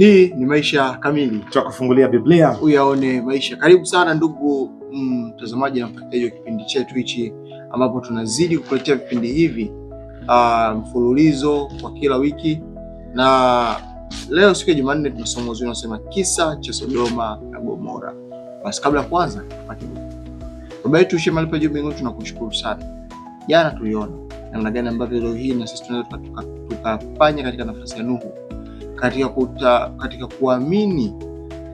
Hii ni Maisha Kamili, tutakufungulia Biblia uyaone maisha. Karibu sana ndugu mm, mtazamaji mm, na mfuatiliaji wa kipindi chetu hichi ambapo tunazidi kukuletea vipindi hivi uh, mfululizo kwa kila wiki, na leo siku ya Jumanne tuna somo zuri unasema kisa cha Sodoma na Gomora. Basi kabla ya kuanza, Baba yetu ushe malipo juu mbinguni, tunakushukuru sana. Jana tuliona namna gani ambavyo leo hii na sisi tunaweza tukafanya katika nafasi ya Nuhu katika, kuta, katika kuamini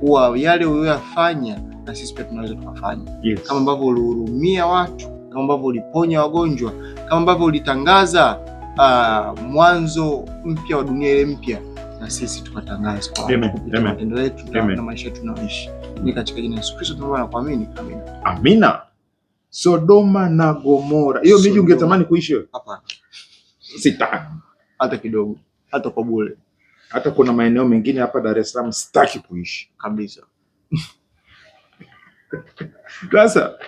kuwa yale uliyoyafanya na sisi pia tunaweza tukafanya. Yes. Kama ambavyo ulihurumia watu, kama ambavyo uliponya wagonjwa, kama ambavyo ulitangaza uh, mwanzo mpya wa dunia ile mpya na sisi tukatangaza kwa matendo yetu na maisha tunaoishi. Ni katika jina la Yesu Kristo tunaomba na kuamini. Amina. Amina. Sodoma na Gomora. Hiyo miji ungetamani kuishi wewe? Hapana. Sitaki. Hata kidogo. Hata kwa bure. Hata kuna maeneo mengine hapa Dar es Salaam sitaki kuishi kabisa. Sasa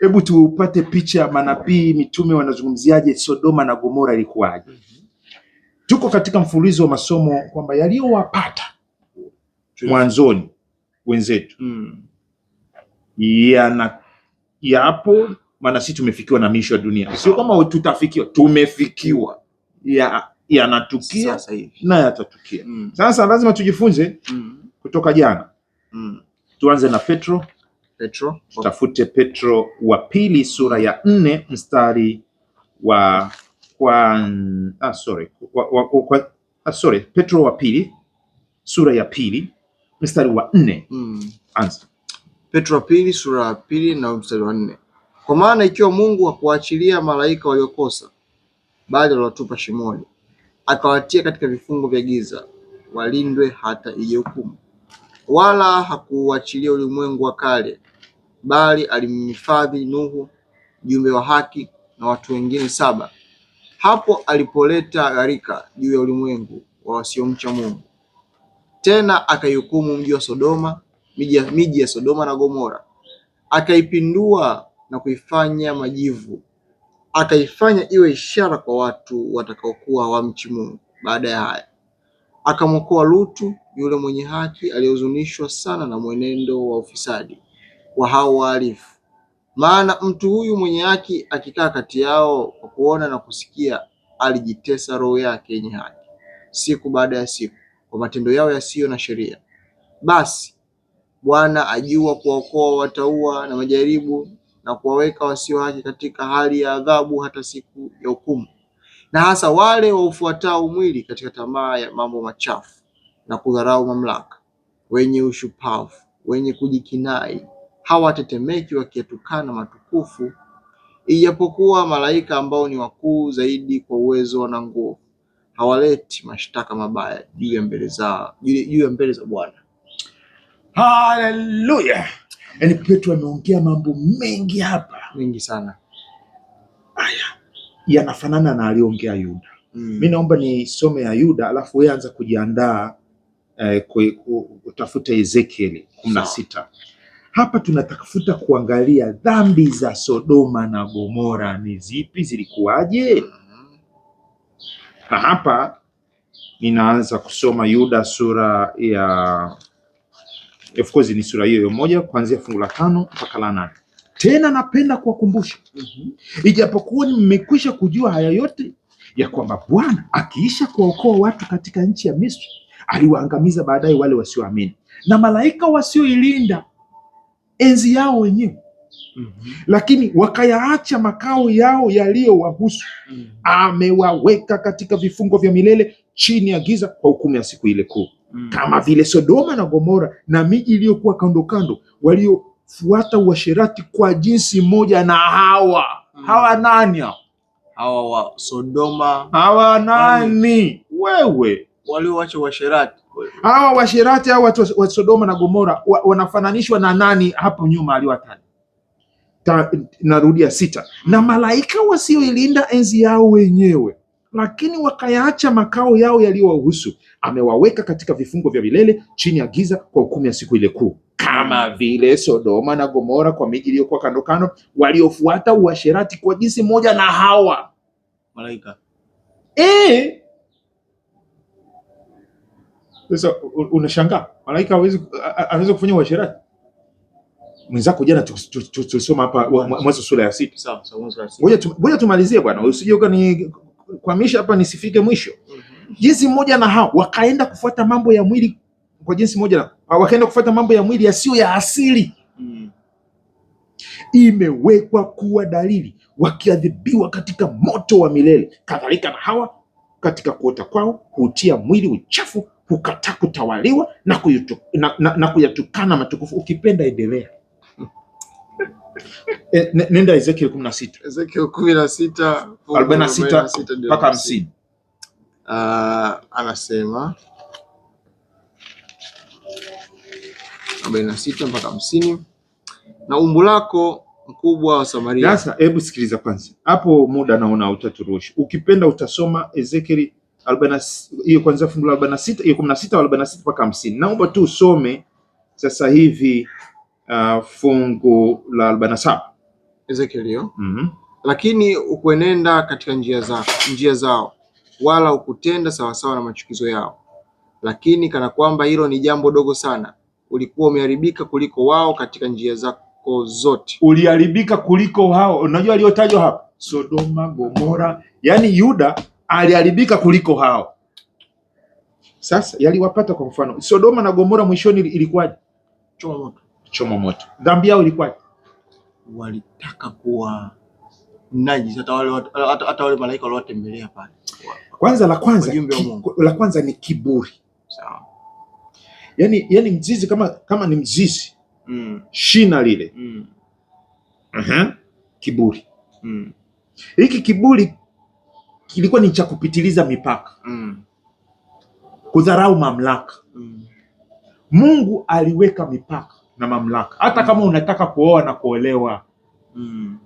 hebu tupate picha ya manabii mitume wanazungumziaje Sodoma na Gomora ilikuwaje? mm -hmm. Tuko katika mfululizo wa masomo kwamba yaliyowapata mwanzoni wenzetu mm. yana yapo, maana sisi tumefikiwa na miisho ya dunia, sio kama tutafikiwa, tumefikiwa ya yanatukia na yatatukia. mm. Sasa lazima tujifunze mm. kutoka jana mm. tuanze na Petro, Petro. tutafute Petro wa pili sura ya nne mstari wa kwa, ah, sorry. Wa, kwa, kwa, ah, sorry. Petro wa pili sura ya pili mstari wa nne mm. Anza. Petro wa pili sura ya pili na mstari wa nne kwa maana ikiwa Mungu hakuachilia malaika waliokosa bali waliwatupa shimoni akawatia katika vifungo vya giza walindwe hata ije hukumu. Wala hakuuachilia ulimwengu wa kale, bali alimhifadhi Nuhu jumbe wa haki na watu wengine saba, hapo alipoleta gharika juu ya ulimwengu wa wasiomcha Mungu. Tena akaihukumu mji wa Sodoma, miji ya Sodoma na Gomora, akaipindua na kuifanya majivu akaifanya iwe ishara kwa watu watakaokuwa wamchi Mungu. Baada ya haya akamwokoa Lutu, yule mwenye haki aliyehuzunishwa sana na mwenendo wa ufisadi wa hao wahalifu. Maana mtu huyu mwenye haki akikaa kati yao kwa kuona na kusikia, alijitesa roho yake yenye haki siku baada ya siku kwa matendo yao yasiyo na sheria. Basi Bwana ajua kuwaokoa wataua na majaribu na kuwaweka wasio haki katika hali ya adhabu hata siku ya hukumu, na hasa wale waufuatao mwili katika tamaa ya mambo machafu na kudharau mamlaka, wenye ushupavu, wenye kujikinai, hawatetemeki wakiyatukana matukufu, ijapokuwa malaika ambao ni wakuu zaidi kwa uwezo na nguvu hawaleti mashtaka mabaya juu ya mbele za juu ya mbele za Bwana. Haleluya! Yaani Petro ameongea mambo mengi hapa, mengi sana. Haya yanafanana na aliongea Yuda. Mm. Mi naomba nisome ya Yuda alafu wewe anza kujiandaa eh, utafute Ezekieli kumi na sita. Hapa tunatafuta kuangalia dhambi za Sodoma na Gomora ni zipi, zilikuwaje? Mm. Na hapa ninaanza kusoma Yuda sura ya Of course ni sura hiyo moja kuanzia fungu la tano mpaka la nane. Tena napenda kuwakumbusha mm -hmm. Ijapokuwa mmekwisha kujua haya yote ya kwamba Bwana akiisha kuwaokoa watu katika nchi ya Misri aliwaangamiza baadaye wale wasioamini na malaika wasioilinda enzi yao wenyewe mm -hmm. Lakini wakayaacha makao yao yaliyowahusu mm -hmm. Amewaweka katika vifungo vya milele chini ya giza kwa hukumu ya siku ile kuu mm. kama vile Sodoma na Gomora na miji iliyokuwa kando kando, waliofuata uasherati kwa jinsi moja na hawa mm. hawa nani? Hawa wa Sodoma, hawa yaani nani? Wewe walioacha uasherati, hawa washerati hawa watu wa Sodoma na Gomora wa, wanafananishwa na nani hapo nyuma aliwataja? Narudia sita, na malaika wasioilinda enzi yao wenyewe lakini wakayaacha makao yao yaliyowahusu. Amewaweka katika vifungo vya vilele chini ya giza kwa hukumu ya siku ile kuu, kama vile Sodoma na Gomora kwa miji iliyokuwa kando kando, waliofuata uasherati kwa jinsi moja na hawa malaika e. Sasa unashangaa malaika anaweza kufanya uasherati mwenzako. Jana tulisoma hapa Mwanzo sura ya sita. Ngoja tumalizie bwana, usije ukani kuhamisha hapa nisifike mwisho. Mhm. Jinsi mmoja na hao wakaenda kufuata mambo ya mwili kwa jinsi moja na wakaenda kufuata mambo ya mwili yasiyo ya asili mm. Imewekwa kuwa dalili, wakiadhibiwa katika moto wa milele. Kadhalika na hawa katika kuota kwao hutia mwili uchafu, hukataa kutawaliwa na, na, na, na kuyatukana matukufu. Ukipenda endelea. Eh, nenda Ezekiel kumi na sita Ezekiel kumi na sita arobaini na sita mpaka hamsini ah, anasema arobaini na sita mpaka hamsini na umbu lako mkubwa wa Samaria. Sasa hebu sikiliza kwanza hapo, muda naona utaturuhusu. Ukipenda utasoma Ezekiel hiyo kwanza fungu la arobaini na sita hiyo kumi na sita arobaini na sita mpaka hamsini. Naomba tu usome sasa hivi uh, fungu la arobaini na saba Ezekielio. mm -hmm. Lakini ukuenenda katika njia zao, njia zao wala ukutenda sawasawa na machukizo yao, lakini kana kwamba hilo ni jambo dogo sana, ulikuwa umeharibika kuliko wao katika njia zako zote, uliharibika kuliko wao. Unajua aliyotajwa hapa Sodoma, Gomora, yani Yuda aliharibika kuliko hao. Sasa yaliwapata kwa mfano Sodoma na Gomora mwishoni ilikuwaje? Choma moto kuchoma moto. Dhambi yao ilikuwa walitaka kuwa najis, hata wale hata wale malaika waliotembelea pale. Kwanza la kwanza la kwanza ni kiburi. Sawa. Yaani yaani mzizi kama kama ni mzizi mm. shina lile mm. Aha. Kiburi mm. hiki mm. kiburi kilikuwa ni cha kupitiliza mipaka mm. kudharau mamlaka mm. Mungu aliweka mipaka na mamlaka, hata kama unataka kuoa na kuolewa mm.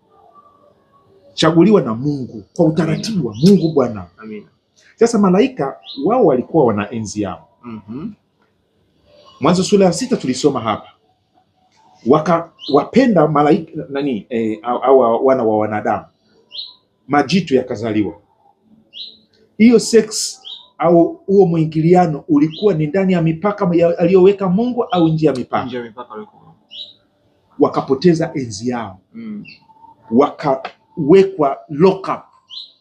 chaguliwa na Mungu kwa utaratibu wa Mungu Bwana. Amina. Sasa malaika wao walikuwa wana enzi yao mm -hmm. Mwanzo sura ya sita tulisoma hapa, wakawapenda malaika nani e, au, au wana wa wanadamu, majitu yakazaliwa. Hiyo sex au huo mwingiliano ulikuwa ni ndani ya mipaka aliyoweka Mungu au nje ya mipaka? Nje ya mipaka wakapoteza enzi yao mm. wakawekwa lock up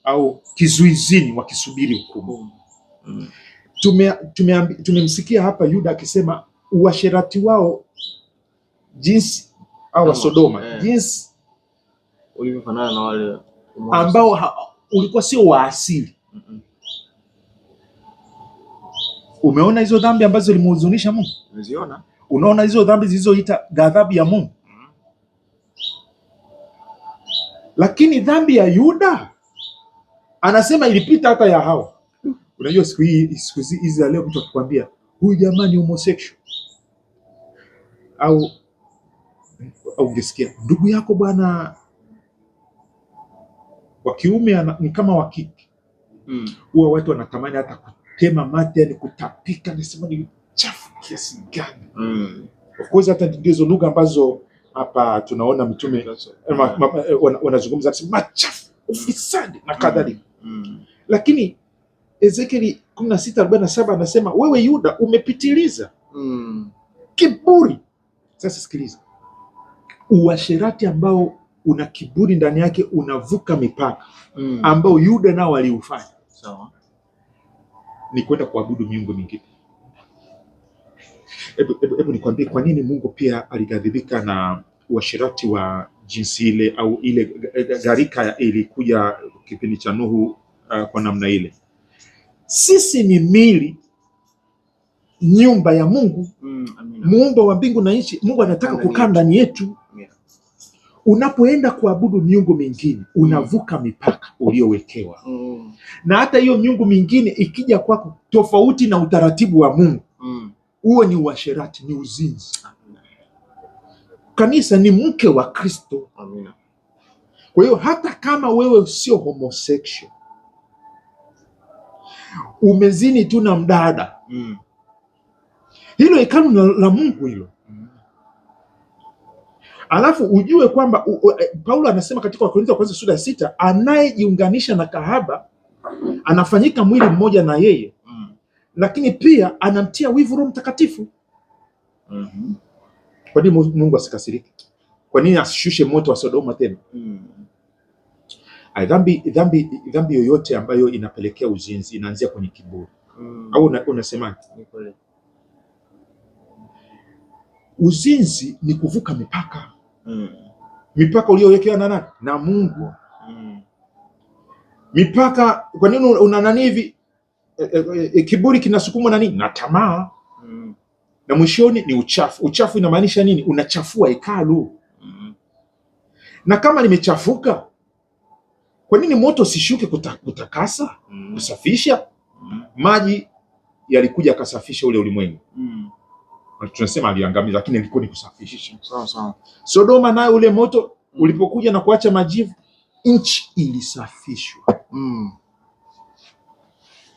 au kizuizini wakisubiri hukumu mm. Tumemsikia tume, tume hapa Yuda akisema uasherati wao jinsi au Sodoma yeah. jinsi ulivyofanana na wale ambao ulikuwa sio waasili mm -mm. Umeona hizo dhambi ambazo zilimhuzunisha Mungu? Umeziona? Unaona hizo dhambi zilizoita ghadhabu ya Mungu. Mm. Lakini dhambi ya Yuda anasema ilipita hata ya Hawa. Unajua siku hii siku hizi leo mtu akikwambia huyu jamaa ni homosexual au au ungesikia ndugu yako bwana wa kiume ni kama wa kike. Mm. Huwa watu wanatamani hata tema mate ni kutapika, nasema ni uchafu kiasi gani? mm. Of course hata ndizo lugha ambazo hapa tunaona mtume mm. eh, eh, wanazungumza machafu, ufisadi na mm. kadhalika mm. mm. Lakini Ezekieli 16:47 anasema wewe Yuda umepitiliza mm. kiburi. Sasa sikiliza, uasherati ambao una kiburi ndani yake unavuka mipaka mm. ambao Yuda nao waliufanya. Sawa ni kwenda kuabudu miungu mingine. Hebu nikwambie kwa nini Mungu pia alighadhibika na uashirati wa jinsi ile au ile gharika ilikuja kipindi cha Nuhu. Uh, kwa namna ile sisi ni mili nyumba ya Mungu mm, muumba wa mbingu na nchi. Mungu anataka kukaa ndani yetu Unapoenda kuabudu miungu mingine unavuka mipaka uliowekewa. Mm. Na hata hiyo miungu mingine ikija kwako tofauti na utaratibu wa Mungu, mm. huo mm. ni uasherati, ni uzinzi. Kanisa ni mke wa Kristo. Amina. Kwa hiyo hata kama wewe sio homosexual umezini tu na mdada mm. hilo hekalu la Mungu hilo Alafu ujue kwamba eh, Paulo anasema katika Wakorintho wa kwanza sura ya sita, anayejiunganisha na kahaba anafanyika mwili mmoja na yeye mm. Lakini pia anamtia wivu Roho Mtakatifu mm -hmm. Kwa nini Mungu asikasirike? Kwa nini asishushe moto wa Sodoma tena? mm. Dhambi, dhambi, dhambi yoyote ambayo inapelekea uzinzi inaanzia kwenye kiburi mm. Au unasemaje? Uzinzi ni kuvuka mipaka mipaka uliowekewa na nani? Na Mungu mm. mipaka. Kwa nini una nani hivi? E, e, e, e, kiburi kinasukumwa na nini? Na tamaa mm. na mwishoni ni uchafu. Uchafu inamaanisha nini? Unachafua hekalu mm. na kama limechafuka, kwa nini moto sishuke kutakasa, mm. kusafisha mm. maji yalikuja akasafisha ule ulimwengu mm tunasema aliangamiza, lakini alikuwa ni kusafishisha. Sawa sawa. Sodoma naye ule moto ulipokuja na kuacha majivu, nchi ilisafishwa mm.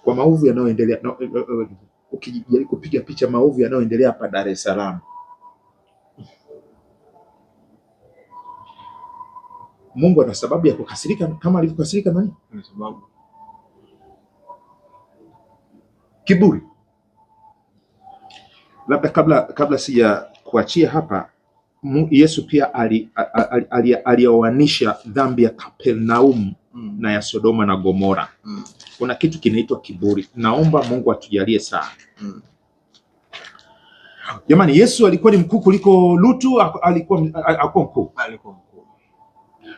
kwa maovu yanayoendelea no, uh, uh, ukijaribu kupiga picha maovu yanayoendelea hapa Dar es Salaam, Mungu ana sababu ya kukasirika kama alivyokasirika nani? Kiburi labda kabla kabla sija kuachia hapa, Yesu pia aliyoanisha ali, ali, ali dhambi ya Kapernaum mm. na ya Sodoma na Gomora mm. kuna kitu kinaitwa kiburi. Naomba Mungu atujalie sana mm. Jamani, Yesu alikuwa ni mkuu kuliko Lutu? Alikuwa mkuu? Alikuwa mkuu.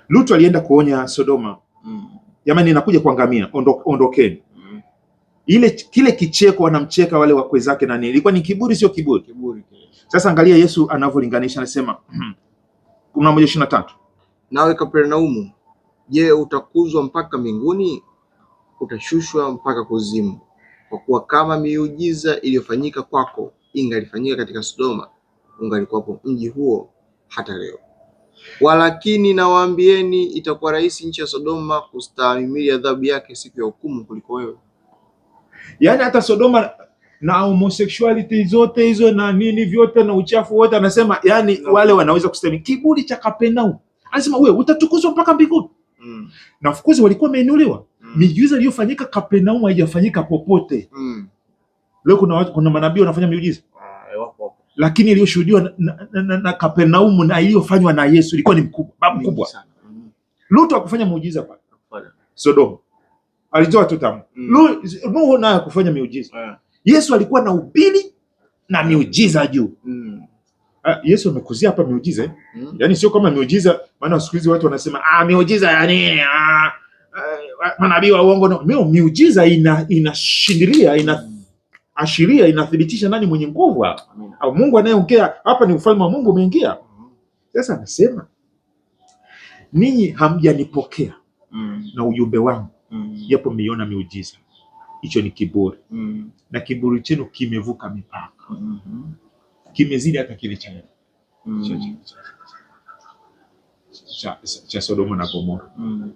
Lutu alienda kuonya Sodoma mm. Jamani, nakuja kuangamia, ondokeni, ondokeni ile kile kicheko wanamcheka wale wakwe zake na nini, ilikuwa ni kiburi, sio kiburi? Kiburi. Sasa angalia Yesu anavyolinganisha, anasema kumi moja ishirini na tatu nawe Kapernaumu, je, utakuzwa mpaka mbinguni? Utashushwa mpaka kuzimu. Kwa kuwa kama miujiza iliyofanyika kwako ingalifanyika katika Sodoma, ungalikuwapo mji huo hata leo. Walakini nawaambieni, itakuwa rahisi nchi ya Sodoma kustahimili adhabu yake siku ya hukumu kuliko wewe yani hata Sodoma na homosexuality zote hizo na nini vyote na uchafu wote, anasema yani no. Wale wanaweza kusema kiburi cha Kapenau, anasema wewe utatukuzwa mpaka mbinguni mm. Na of course walikuwa wameinuliwa mm. Miujiza iliyofanyika Kapenau haijafanyika popote mm. Leo kuna, kuna manabii wanafanya miujiza ah, lakini iliyoshuhudiwa na, na, na, na, na Kapenaumu na iliyofanywa na Yesu ilikuwa ni mkubwa mkubwa. Mm. Lutu akufanya muujiza pale Sodoma alitoa tu tamu mm. Nuhu naye kufanya miujiza yeah. Yesu alikuwa na ubiri na miujiza juu mm. Ah, Yesu amekuzia hapa miujiza eh? mm. Yani sio kama miujiza, maana siku hizi watu wanasema ah, miujiza ya nini? Ah, eh, manabii wa uongo no. Mio, miujiza ina inashindilia ina mm. ashiria inathibitisha nani mwenye nguvu hapa au Mungu anayeongea hapa. Ni ufalme wa Mungu umeingia mm. sasa. Anasema ninyi hamjanipokea mm. na ujumbe wangu japo mmeiona miujiza, hicho ni kiburi mm. na kiburi chenu kimevuka mipaka mm -hmm. kimezidi hata kile cha mm. cha, cha Sodoma na Gomora mm.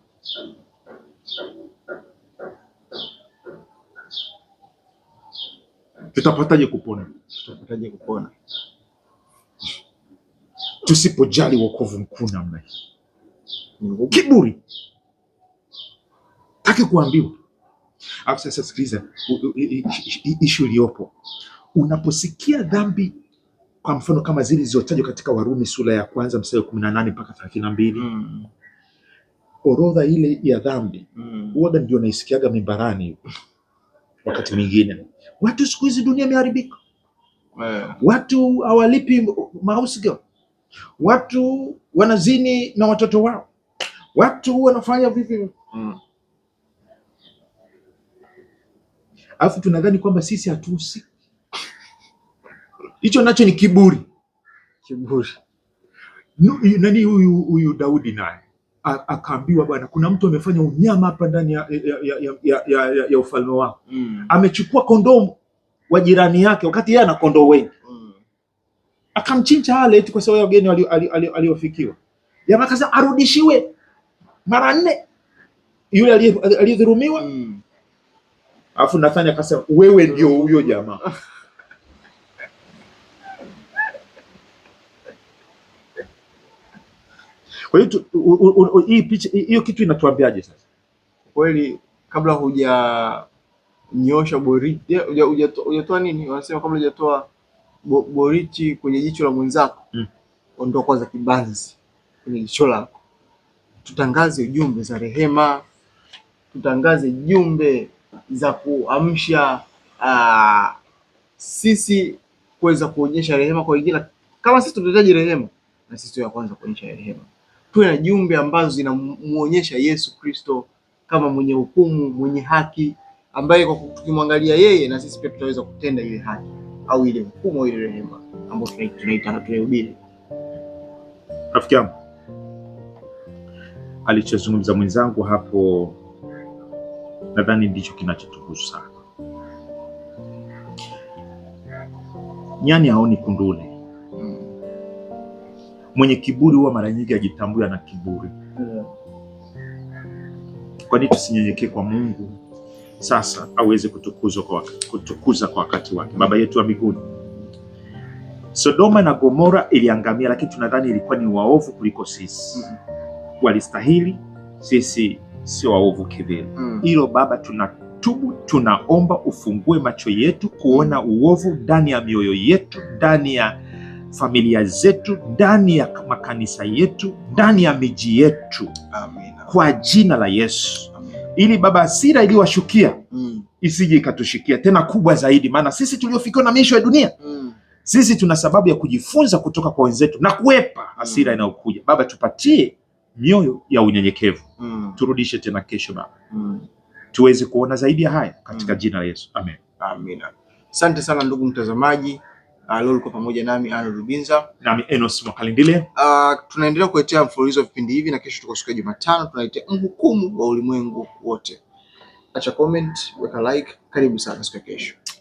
tutapataje kupona? tutapataje kupona tusipojali wokovu mkuu namna hii? kiburi Taki kuambiwa. sasa sikiliza ishu iliyopo. Unaposikia dhambi kwa mfano kama zile zilizotajwa katika Warumi sura ya kwanza mstari wa 18 mpaka 32. Mm. Orodha ile ya dhambi hmm. huwaga mm. ndio naisikiaga mimbarani wakati mwingine. Watu siku hizi dunia imeharibika. Yeah. Watu hawalipi mausga. Watu wanazini na watoto wao. Watu wanafanya vivyo mm. alafu tunadhani kwamba sisi hatusi. Hicho nacho ni kiburi, kiburi. Nani huyu huyu Daudi naye akaambiwa bwana, kuna mtu amefanya unyama hapa ndani ya, ya, ya, ya, ya, ya ufalme wako mm. Amechukua kondoo wa jirani yake wakati yeye ana kondoo wengi mm. Akamchinja wale eti kwa sababu ya wageni waliofikiwa, jamaa akasema arudishiwe mara nne yule aliyedhulumiwa mm. Alafu Nathani akasema wewe ndio huyo jamaa. Kwa hiyo hii picha hiyo kitu inatuambiaje sasa? Kweli kabla hujanyosha boriti, hujatoa nini? Wanasema kabla hujatoa boriti kwenye jicho la mwenzako, mm. ondoa kwanza kibanzi kwenye jicho lako. Tutangaze ujumbe za rehema, tutangaze jumbe za kuamsha ah, sisi kuweza kuonyesha rehema kwa wengine. Kama sisi tunahitaji rehema, na sisi ya kwanza kuonyesha rehema. Tuwe na jumbe ambazo zinamuonyesha Yesu Kristo kama mwenye hukumu, mwenye haki, ambaye kwa tukimwangalia yeye na sisi pia tutaweza kutenda ile haki au ile hukumu au ile rehema ambayo na tunahubiri. Rafiki yangu alichozungumza mwenzangu hapo nadhani ndicho kinachotukusu sana. Nyani haoni kundule. Mwenye kiburi huwa mara nyingi ajitambui ana kiburi. Kwani tusinyenyekee kwa Mungu sasa aweze kutukuzwa kwa, kutukuza kwa wakati wake, Baba yetu wa mbinguni. Sodoma na Gomora iliangamia, lakini tunadhani ilikuwa ni waovu kuliko sisi. Mm-hmm. Walistahili, sisi sio waovu kivili. Mm. hilo. Mm. Baba, tunatubu, tunaomba ufungue macho yetu kuona mm. uovu ndani ya mioyo yetu, ndani ya familia zetu, ndani ya makanisa yetu, ndani ya miji yetu. Amina. Kwa jina la Yesu. Amina. Ili Baba, asira iliyowashukia mm. isije ikatushikia tena kubwa zaidi, maana sisi tuliofikiwa na miisho ya dunia mm. sisi tuna sababu ya kujifunza kutoka kwa wenzetu na kuepa hasira mm. inayokuja. Baba, tupatie mioyo ya unyenyekevu mm. Turudishe tena kesho Baba mm. tuweze kuona zaidi ya haya katika mm. jina la Yesu Amen. Amina. Asante sana ndugu mtazamaji. Uh, leo pamoja nami Ano Rubinza nami Enos Mwakalindile. Uh, ah, tunaendelea kuletea mfululizo wa vipindi hivi na kesho tuko siku ya Jumatano tunaletea mhukumu wa ulimwengu wote. Acha comment, weka like. Karibu sana siku ya kesho.